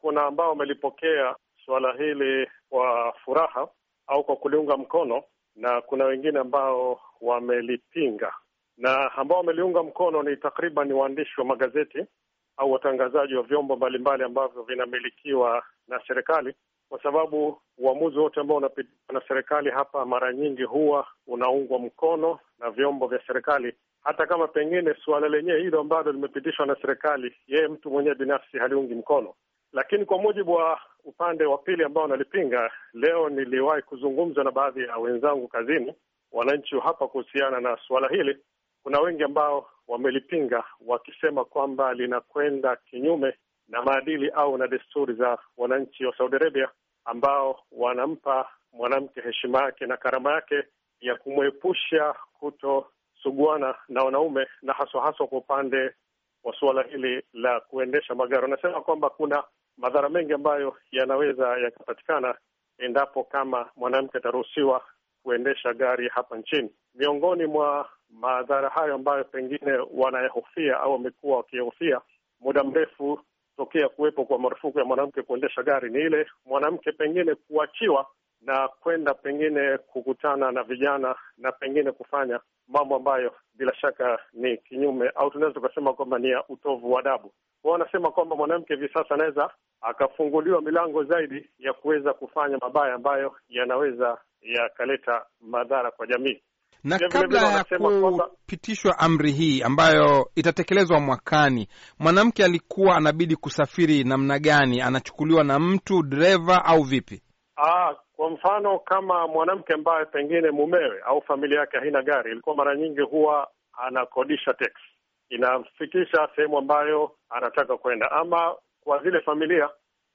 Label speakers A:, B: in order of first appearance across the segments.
A: kuna ambao wamelipokea suala hili kwa furaha au kwa kuliunga mkono, na kuna wengine ambao wamelipinga, na ambao wameliunga mkono ni takriban waandishi wa magazeti au watangazaji wa vyombo mbalimbali ambavyo vinamilikiwa na serikali, kwa sababu uamuzi wote ambao unapitishwa na serikali hapa mara nyingi huwa unaungwa mkono na vyombo vya serikali, hata kama pengine suala lenyewe hilo ambalo limepitishwa na serikali, yeye mtu mwenyewe binafsi haliungi mkono. Lakini kwa mujibu wa upande wa pili ambao wanalipinga, leo niliwahi kuzungumza na baadhi ya wenzangu kazini, wananchi hapa, kuhusiana na suala hili. Kuna wengi ambao wamelipinga wakisema kwamba linakwenda kinyume na maadili au na desturi za wananchi wa Saudi Arabia ambao wanampa mwanamke heshima yake na karama yake ya kumwepusha kutosuguana na wanaume, na haswa haswa kwa upande wa suala hili la kuendesha magari. Wanasema kwamba kuna madhara mengi ambayo yanaweza yakapatikana endapo kama mwanamke ataruhusiwa kuendesha gari hapa nchini. Miongoni mwa madhara hayo ambayo pengine wanayahofia au wamekuwa wakihofia muda mrefu tokea kuwepo kwa marufuku ya mwanamke kuendesha gari ni ile mwanamke pengine kuachiwa na kwenda pengine kukutana na vijana na pengine kufanya mambo ambayo bila shaka ni kinyume au tunaweza tukasema kwamba ni ya utovu wa adabu. Wao wanasema kwamba mwanamke hivi sasa anaweza akafunguliwa milango zaidi ya kuweza kufanya mabaya ambayo yanaweza yakaleta madhara kwa jamii. Na kabla ya
B: kupitishwa amri hii ambayo itatekelezwa mwakani, mwanamke alikuwa anabidi kusafiri namna gani? Anachukuliwa na mtu dereva au vipi?
A: Aa, ah, kwa mfano kama mwanamke ambaye pengine mumewe au familia yake haina gari, ilikuwa mara nyingi huwa anakodisha teksi, inamfikisha sehemu ambayo anataka kwenda. Ama kwa zile familia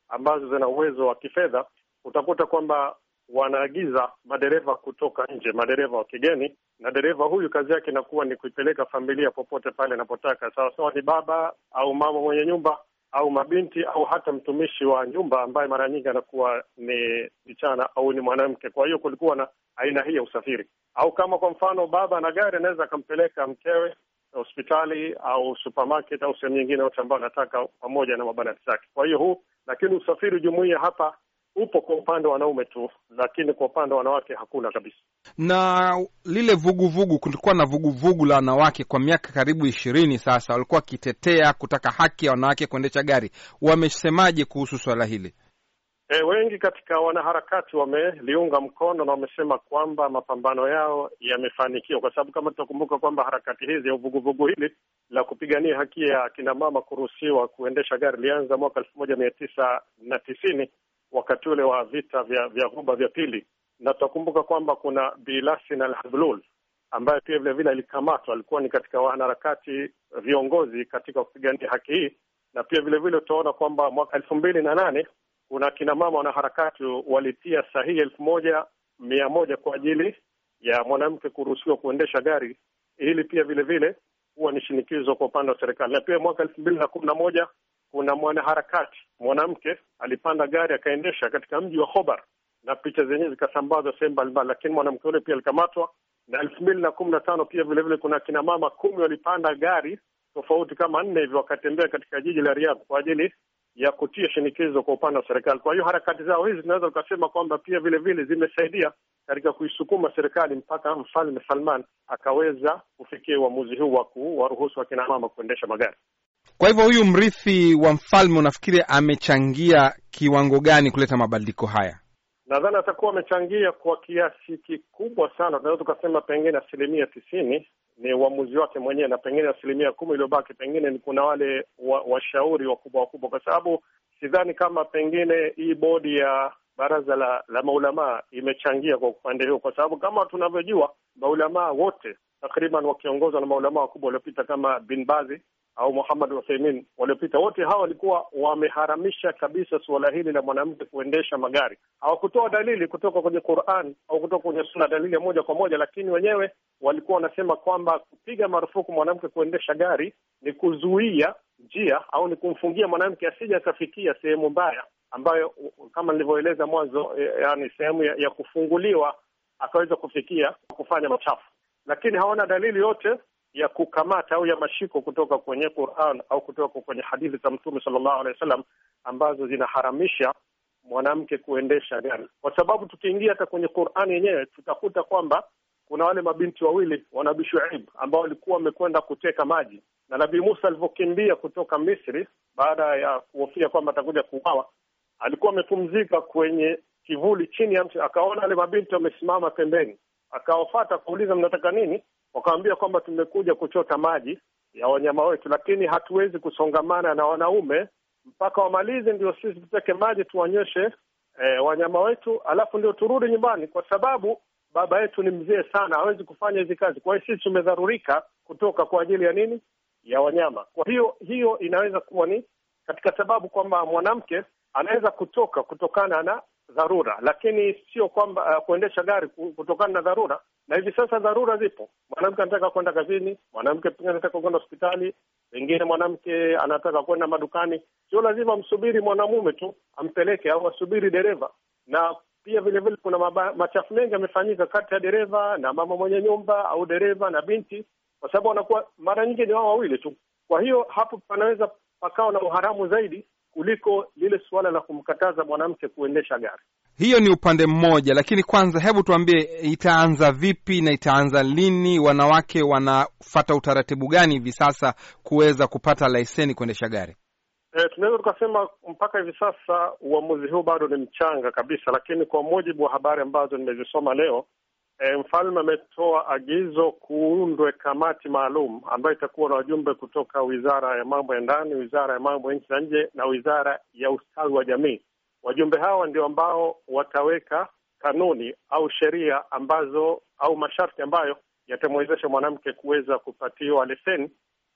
A: ambazo zina uwezo wa kifedha, utakuta kwamba wanaagiza madereva kutoka nje, madereva wa kigeni, na dereva huyu kazi yake inakuwa ni kuipeleka familia popote pale anapotaka, sawasawa ni baba au mama mwenye nyumba au mabinti au hata mtumishi wa nyumba ambaye mara nyingi anakuwa ni msichana au ni mwanamke. Kwa hiyo kulikuwa na aina hii ya usafiri, au kama kwa mfano baba na gari anaweza akampeleka mkewe hospitali au supermarket au sehemu nyingine yote ambayo anataka pamoja na mabanati zake. Kwa hiyo huu, lakini usafiri jumuia hapa upo kwa upande wa wanaume tu, lakini kwa upande wa wanawake hakuna kabisa.
B: Na lile vuguvugu, kulikuwa na vuguvugu la wanawake kwa miaka karibu ishirini sasa, walikuwa wakitetea kutaka haki ya wanawake kuendesha gari. Wamesemaje kuhusu swala hili?
A: E, wengi katika wanaharakati wameliunga mkono na wamesema kwamba mapambano yao yamefanikiwa, kwa sababu kama tutakumbuka kwamba harakati hizi au vuguvugu hili la kupigania haki ya kinamama kuruhusiwa kuendesha gari lilianza mwaka elfu moja mia tisa na tisini wakati ule wa vita vya vya Ghuba vya pili, na tutakumbuka kwamba kuna Bilasin al Hablul ambaye pia vilevile alikamatwa, alikuwa ni katika wanaharakati viongozi katika kupigania haki hii, na pia vilevile utaona kwamba mwaka elfu mbili na nane kuna akinamama wanaharakati walitia sahihi elfu moja mia moja kwa ajili ya mwanamke kuruhusiwa kuendesha gari. Hili pia vilevile huwa ni shinikizo kwa upande wa serikali, na pia mwaka elfu mbili na kumi na moja kuna mwanaharakati mwanamke alipanda gari akaendesha katika mji wa hobar na picha zenyewe zikasambazwa sehemu mbalimbali, lakini mwanamke ule pia alikamatwa. Na elfu mbili na kumi na tano pia vilevile kuna kina mama kumi walipanda gari tofauti kama nne hivyo wakatembea katika jiji la Riyadh kwa ajili ya kutia shinikizo kwa upande wa serikali. Kwa hiyo harakati zao hizi zinaweza ukasema kwamba pia vilevile zimesaidia katika kuisukuma serikali mpaka Mfalme Salman akaweza kufikia uamuzi huu wa kuwaruhusu wakinamama kuendesha magari.
B: Kwa hivyo huyu mrithi wa mfalme unafikiri amechangia kiwango gani kuleta mabadiliko haya?
A: Nadhani atakuwa amechangia kwa kiasi kikubwa sana, tunaweza tukasema pengine asilimia tisini ni uamuzi wake mwenyewe, na pengine asilimia kumi iliyobaki pengine ni kuna wale washauri wa wakubwa wakubwa, kwa sababu sidhani kama pengine hii bodi ya baraza la, la maulamaa imechangia kwa upande huo, kwa sababu kama tunavyojua maulamaa wote takriban wakiongozwa na maulamaa wakubwa waliopita kama Bin Bazi au Muhammad Utheimin waliopita, wote hawa walikuwa wameharamisha kabisa suala hili la mwanamke kuendesha magari. Hawakutoa dalili kutoka kwenye Qur'an au kutoka kwenye sunna, dalili ya moja kwa moja, lakini wenyewe walikuwa wanasema kwamba kupiga marufuku mwanamke kuendesha gari ni kuzuia njia au ni kumfungia mwanamke asije akafikia sehemu mbaya ambayo kama nilivyoeleza mwanzo, e, yani sehemu ya, ya kufunguliwa akaweza kufikia kufanya machafu, lakini hawana dalili yote ya kukamata au ya mashiko kutoka kwenye Quran au kutoka kwenye hadithi za Mtume sallallahu alaihi wasallam ambazo zinaharamisha mwanamke kuendesha gari, kwa sababu tukiingia hata kwenye Quran yenyewe tutakuta kwamba kuna wale mabinti wawili wa Nabii Shuaib ambao walikuwa wamekwenda kuteka maji, na Nabii Musa alivyokimbia kutoka Misri baada ya kuhofia kwamba atakuja kuuawa, alikuwa amepumzika kwenye kivuli chini ya mti, akaona wale mabinti wamesimama pembeni, akawafata kuuliza mnataka nini? wakawambia kwamba tumekuja kuchota maji ya wanyama wetu, lakini hatuwezi kusongamana na wanaume mpaka wamalize, ndio sisi tuteke maji tuwanyweshe e, wanyama wetu, alafu ndio turudi nyumbani, kwa sababu baba yetu ni mzee sana, hawezi kufanya hizi kazi. Kwa hiyo sisi tumedharurika kutoka kwa ajili ya nini? Ya wanyama. Kwa hiyo hiyo inaweza kuwa ni katika sababu kwamba mwanamke anaweza kutoka kutokana na dharura, lakini sio kwamba uh, kuendesha gari kutokana na dharura na hivi sasa dharura zipo. Mwanamke anataka kwenda kazini, mwanamke pengine anataka kwenda hospitali, pengine mwanamke anataka kwenda madukani. Sio lazima msubiri mwanamume tu ampeleke au asubiri dereva. Na pia vile vile kuna maba, machafu mengi yamefanyika kati ya dereva na mama mwenye nyumba au dereva na binti, kwa sababu wanakuwa mara nyingi ni wao wawili tu. Kwa hiyo hapo panaweza pakawa na uharamu zaidi kuliko lile suala la kumkataza mwanamke kuendesha gari.
B: Hiyo ni upande mmoja, lakini kwanza, hebu tuambie itaanza vipi na itaanza lini? Wanawake wanafata utaratibu gani hivi sasa kuweza kupata leseni kuendesha gari?
A: E, tunaweza tukasema mpaka hivi sasa uamuzi huu bado ni mchanga kabisa, lakini kwa mujibu wa habari ambazo nimezisoma leo e, mfalme ametoa agizo kuundwe kamati maalum ambayo itakuwa na wajumbe kutoka wizara ya mambo ya ndani, wizara ya mambo ya nchi za nje na wizara ya ustawi wa jamii. Wajumbe hawa ndio ambao wataweka kanuni au sheria ambazo au masharti ambayo yatamwezesha mwanamke kuweza kupatiwa leseni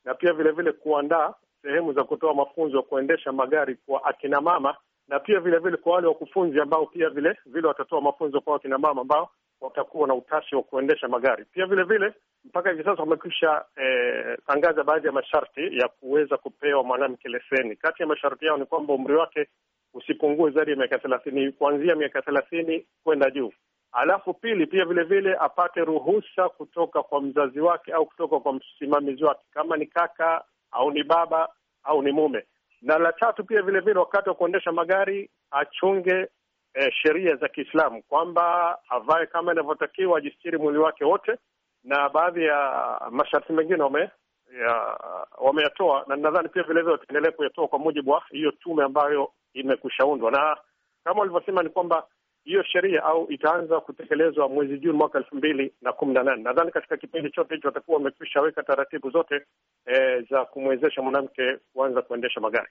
A: na pia vilevile kuandaa sehemu za kutoa mafunzo ya kuendesha magari kwa akina mama na pia vilevile kwa wale wakufunzi ambao pia vile vile watatoa mafunzo kwa akina mama ambao watakuwa na utashi wa kuendesha magari. Pia vile vile mpaka hivi sasa wamekwisha eh, tangaza baadhi ya masharti ya kuweza kupewa mwanamke leseni. Kati ya masharti yao ni kwamba umri wake usipungue zaidi ya miaka thelathini, kuanzia miaka thelathini kwenda juu. Alafu pili, pia vile vile apate ruhusa kutoka kwa mzazi wake au kutoka kwa msimamizi wake, kama ni kaka au ni baba au ni mume. Na la tatu pia vile vile, wakati wa kuendesha magari achunge e, sheria za Kiislamu kwamba avae kama inavyotakiwa, ajistiri mwili wake wote, na baadhi ya masharti mengine wame ya wameyatoa na nadhani pia vilevile wataendelea kuyatoa kwa mujibu wa hiyo tume ambayo imekushaundwa, na kama walivyosema ni kwamba hiyo sheria au itaanza kutekelezwa mwezi Juni mwaka elfu mbili na kumi na nane. Nadhani katika kipindi chote hicho watakuwa wamekwisha weka taratibu zote e, za kumwezesha mwanamke kuanza kuendesha magari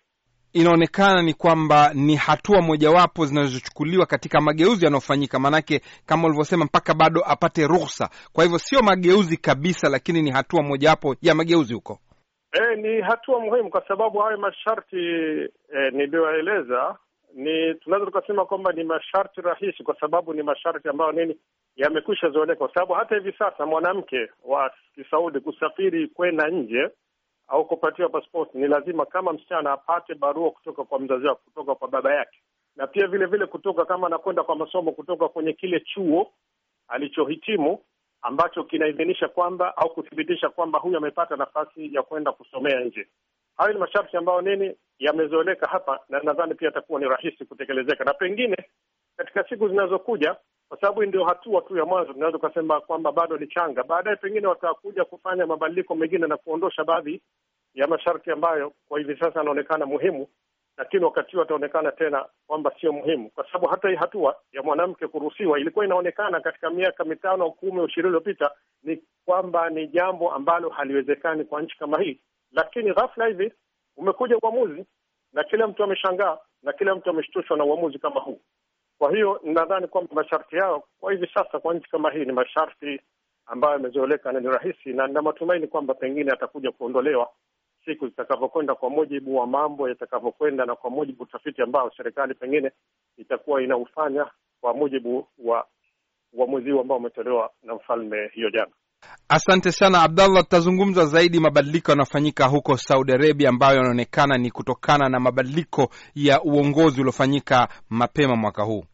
B: inaonekana ni kwamba ni hatua mojawapo zinazochukuliwa katika mageuzi yanayofanyika, maanake kama ulivyosema, mpaka bado apate ruhusa. Kwa hivyo sio mageuzi kabisa, lakini ni hatua mojawapo ya mageuzi huko.
A: E, ni hatua muhimu kwa sababu hayo masharti e, niliyoeleza ni tunaweza tukasema kwamba ni masharti rahisi, kwa sababu ni masharti ambayo nini yamekwisha zoeleka, kwa sababu hata hivi sasa mwanamke wa Kisaudi kusafiri kwenda nje au kupatiwa pasipoti, ni lazima kama msichana apate barua kutoka kwa mzazi wake, kutoka kwa baba yake, na pia vile vile kutoka kama anakwenda kwa masomo, kutoka kwenye kile chuo alichohitimu ambacho kinaidhinisha kwamba au kuthibitisha kwamba huyu amepata nafasi ya kwenda kusomea nje. Hayo ni masharti ambayo nini yamezoeleka hapa, na nadhani pia yatakuwa ni rahisi kutekelezeka, na pengine katika siku zinazokuja kwa sababu ndio hatua tu ya mwanzo. Tunaweza ukasema kwamba bado ni changa, baadaye pengine watakuja kufanya mabadiliko mengine na kuondosha baadhi ya masharti ambayo kwa hivi sasa yanaonekana muhimu, lakini wakati huo ataonekana tena kwamba sio muhimu, kwa sababu hata hii hatua ya mwanamke kuruhusiwa ilikuwa inaonekana katika miaka mitano au kumi au ishirini iliyopita ni kwamba ni jambo ambalo haliwezekani kwa nchi kama hii, lakini ghafla hivi umekuja uamuzi na kila mtu ameshangaa na kila mtu ameshtushwa na uamuzi kama huu. Kwa hiyo nadhani kwamba masharti yao kwa hivi sasa kwa nchi kama hii ni masharti ambayo yamezoeleka na ni rahisi, na nina matumaini kwamba pengine atakuja kuondolewa siku zitakavyokwenda, kwa mujibu wa mambo yatakavyokwenda na kwa mujibu utafiti ambao serikali pengine itakuwa inaufanya kwa mujibu wa uamuzi huu ambao umetolewa na mfalme hiyo jana.
B: Asante sana Abdallah, tutazungumza zaidi mabadiliko yanayofanyika huko Saudi Arabia ambayo yanaonekana ni kutokana na mabadiliko ya uongozi uliofanyika mapema mwaka huu.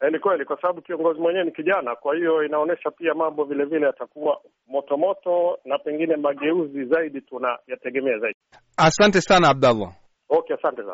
A: Eh, ni kweli, kwa sababu kiongozi mwenyewe ni kijana, kwa hiyo inaonyesha pia mambo vilevile yatakuwa motomoto na pengine mageuzi zaidi tunayategemea zaidi.
B: Asante sana Abdallah.
A: Okay, asante sana.